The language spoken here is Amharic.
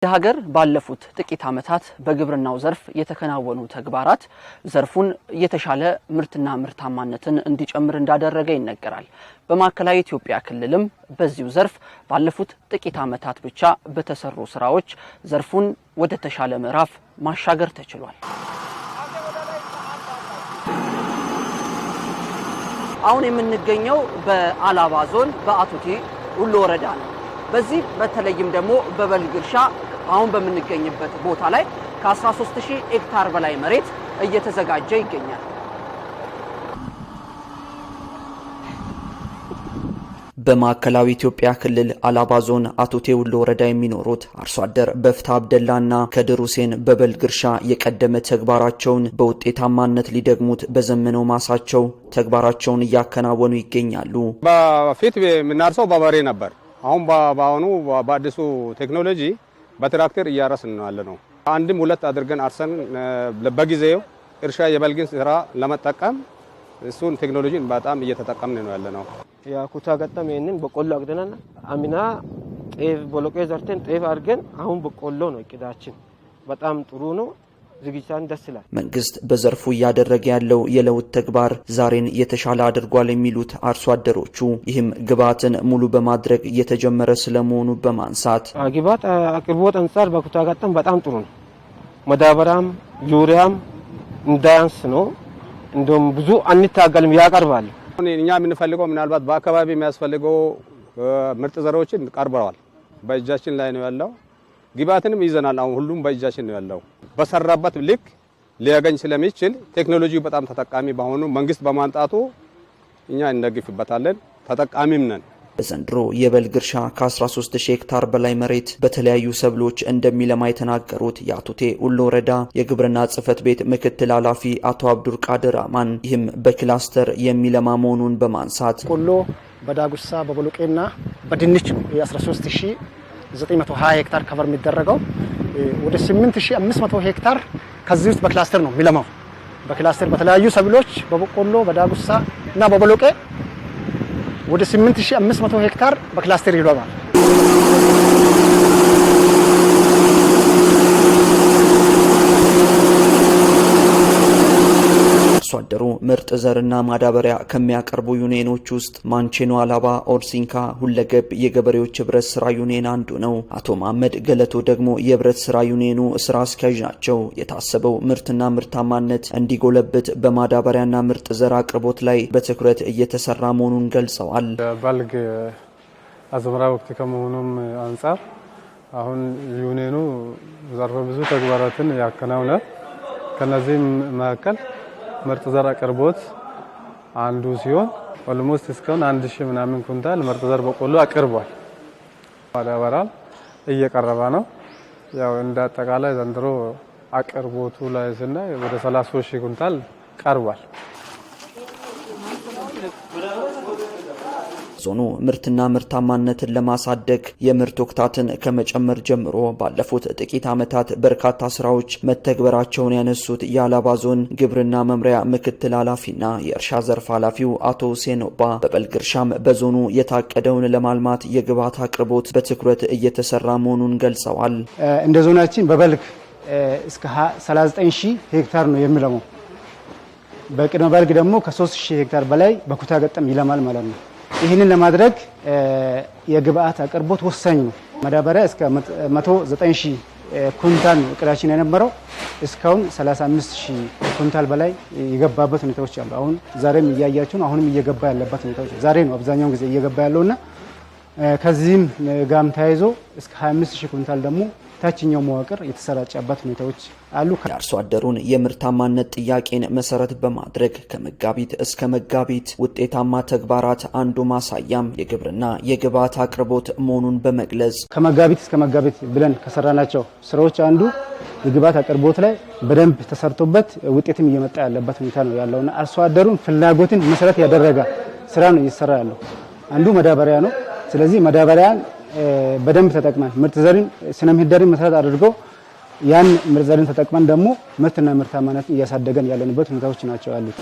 እንደ ሀገር ባለፉት ጥቂት ዓመታት በግብርናው ዘርፍ የተከናወኑ ተግባራት ዘርፉን የተሻለ ምርትና ምርታማነትን እንዲጨምር እንዳደረገ ይነገራል። በማዕከላዊ ኢትዮጵያ ክልልም በዚሁ ዘርፍ ባለፉት ጥቂት ዓመታት ብቻ በተሰሩ ስራዎች ዘርፉን ወደ ተሻለ ምዕራፍ ማሻገር ተችሏል። አሁን የምንገኘው በአላባ ዞን በአቱቴ ሁሎ ወረዳ ነው። በዚህ በተለይም ደግሞ በበልግ እርሻ አሁን በምንገኝበት ቦታ ላይ ከ13000 ሄክታር በላይ መሬት እየተዘጋጀ ይገኛል። በማዕከላዊ ኢትዮጵያ ክልል አላባ ዞን አቶ ቴውሎ ወረዳ የሚኖሩት አርሶ አደር በፍታ አብደላና ከድር ሁሴን በበልግ እርሻ የቀደመ ተግባራቸውን በውጤታማነት ሊደግሙት በዘመነው ማሳቸው ተግባራቸውን እያከናወኑ ይገኛሉ። በፊት የምናርሰው በበሬ ነበር። አሁን በአሁኑ በአዲሱ ቴክኖሎጂ በትራክተር እያረስን ነው ያለ ነው። አንድም ሁለት አድርገን አርሰን በጊዜው እርሻ የበልግን ስራ ለመጠቀም እሱን ቴክኖሎጂን በጣም እየተጠቀምን ነው ያለ ነው። ኩታ ገጠም ይህንን በቆሎ አግደናል። አሚና ጤፍ ቦሎቄ ዘርተን ጤፍ አድርገን አሁን በቆሎ ነው እቅዳችን። በጣም ጥሩ ነው። ዝግጅታን ደስ ይላል። መንግስት በዘርፉ እያደረገ ያለው የለውጥ ተግባር ዛሬን የተሻለ አድርጓል የሚሉት አርሶ አደሮቹ ይህም ግብዓትን ሙሉ በማድረግ እየተጀመረ ስለመሆኑ በማንሳት ግብዓት አቅርቦት አንጻር በኩታ ጋጠም በጣም ጥሩ ነው። መዳበራም ዩሪያም እንዳያንስ ነው። እንደውም ብዙ አንታገልም ያቀርባል። እኛ የምንፈልገው ምናልባት በአካባቢ የሚያስፈልገው ምርጥ ዘሮችን ቀርበዋል። በእጃችን ላይ ነው ያለው ግብአትንም ይዘናል። አሁን ሁሉም በእጃችን ነው ያለው። በሰራበት ልክ ሊያገኝ ስለሚችል ቴክኖሎጂ በጣም ተጠቃሚ በሆኑ መንግስት በማንጣቱ እኛ እንደግፍበታለን፣ ተጠቃሚም ነን። በዘንድሮ የበልግ እርሻ ከ13 ሺህ ሄክታር በላይ መሬት በተለያዩ ሰብሎች እንደሚለማ የተናገሩት የአቶቴ ሁሎ ወረዳ የግብርና ጽህፈት ቤት ምክትል ኃላፊ አቶ አብዱር ቃድር አማን ይህም በክላስተር የሚለማ መሆኑን በማንሳት ቆሎ፣ በዳጉሳ፣ በቦሎቄና በድንች ነው የ13 ሺህ 920 ሄክታር ከቨር የሚደረገው ወደ 8500 ሄክታር ከዚህ ውስጥ በክላስተር ነው የሚለማው። በክላስተር በተለያዩ ሰብሎች በበቆሎ፣ በዳጉሳ እና በበሎቄ ወደ 8500 ሄክታር በክላስተር ይለማል። አርሶ አደሩ ምርጥ ዘርና ማዳበሪያ ከሚያቀርቡ ዩኒየኖች ውስጥ ማንቼኖ አላባ ኦርሲንካ ሁለገብ የገበሬዎች ህብረት ስራ ዩኒየን አንዱ ነው። አቶ መሐመድ ገለቶ ደግሞ የህብረት ስራ ዩኒየኑ ስራ አስኪያጅ ናቸው። የታሰበው ምርትና ምርታማነት እንዲጎለብት በማዳበሪያና ምርጥ ዘር አቅርቦት ላይ በትኩረት እየተሰራ መሆኑን ገልጸዋል። በልግ አዝመራ ወቅት ከመሆኑም አንጻር አሁን ዩኒየኑ ዘርፈ ብዙ ተግባራትን ያከናውናል። ከነዚህም መካከል ምርጥ ዘር አቅርቦት አንዱ ሲሆን ኦልሞስት እስካሁን አንድ ሺህ ምናምን ኩንታል ምርጥ ዘር በቆሎ አቅርቧል። ማዳበሪያም እየቀረበ ነው። ያው እንደ አጠቃላይ ዘንድሮ አቅርቦቱ ላይ ስናይ ወደ 30 ሺህ ኩንታል ቀርቧል። ዞኑ ምርትና ምርታማነትን ለማሳደግ የምርት ወቅታትን ከመጨመር ጀምሮ ባለፉት ጥቂት ዓመታት በርካታ ስራዎች መተግበራቸውን ያነሱት የአላባ ዞን ግብርና መምሪያ ምክትል ኃላፊና የእርሻ ዘርፍ ኃላፊው አቶ ሁሴን ኦባ በበልግ እርሻም በዞኑ የታቀደውን ለማልማት የግብዓት አቅርቦት በትኩረት እየተሰራ መሆኑን ገልጸዋል። እንደ ዞናችን በበልግ እስከ 39 ሺህ ሄክታር ነው የሚለመው በቅድመ በልግ ደግሞ ከ3000 ሄክታር በላይ በኩታ ገጠም ይለማል ማለት ነው። ይህንን ለማድረግ የግብአት አቅርቦት ወሳኝ ነው። ማዳበሪያ እስከ 109000 ኩንታል እቅዳችን የነበረው እስካሁን 35000 ኩንታል በላይ የገባበት ሁኔታዎች አሉ። አሁን ዛሬም እያያችሁን አሁንም እየገባ ያለበት ሁኔታዎች ዛሬ ነው አብዛኛውን ጊዜ እየገባ ያለውና ከዚህም ጋም ተያይዞ እስከ 25000 ኩንታል ደግሞ ታችኛው መዋቅር የተሰራጨበት ሁኔታዎች አሉ። የአርሶ አደሩን የምርታማነት ጥያቄን መሰረት በማድረግ ከመጋቢት እስከ መጋቢት ውጤታማ ተግባራት አንዱ ማሳያም የግብርና የግብዓት አቅርቦት መሆኑን በመግለጽ ከመጋቢት እስከ መጋቢት ብለን ከሰራናቸው ስራዎች አንዱ የግብዓት አቅርቦት ላይ በደንብ ተሰርቶበት ውጤትም እየመጣ ያለበት ሁኔታ ነው ያለውና አርሶ አደሩን ፍላጎትን መሰረት ያደረገ ስራ ነው እየሰራ ያለው። አንዱ መዳበሪያ ነው። ስለዚህ መዳበሪያን በደንብ ተጠቅመን ምርጥ ዘርን ስነ ምህዳርን መሰረት አድርገው ያን ምርጥ ዘርን ተጠቅመን ደግሞ ምርትና ምርታማነት እያሳደገን ያለንበት ሁኔታዎች ናቸው ያሉት።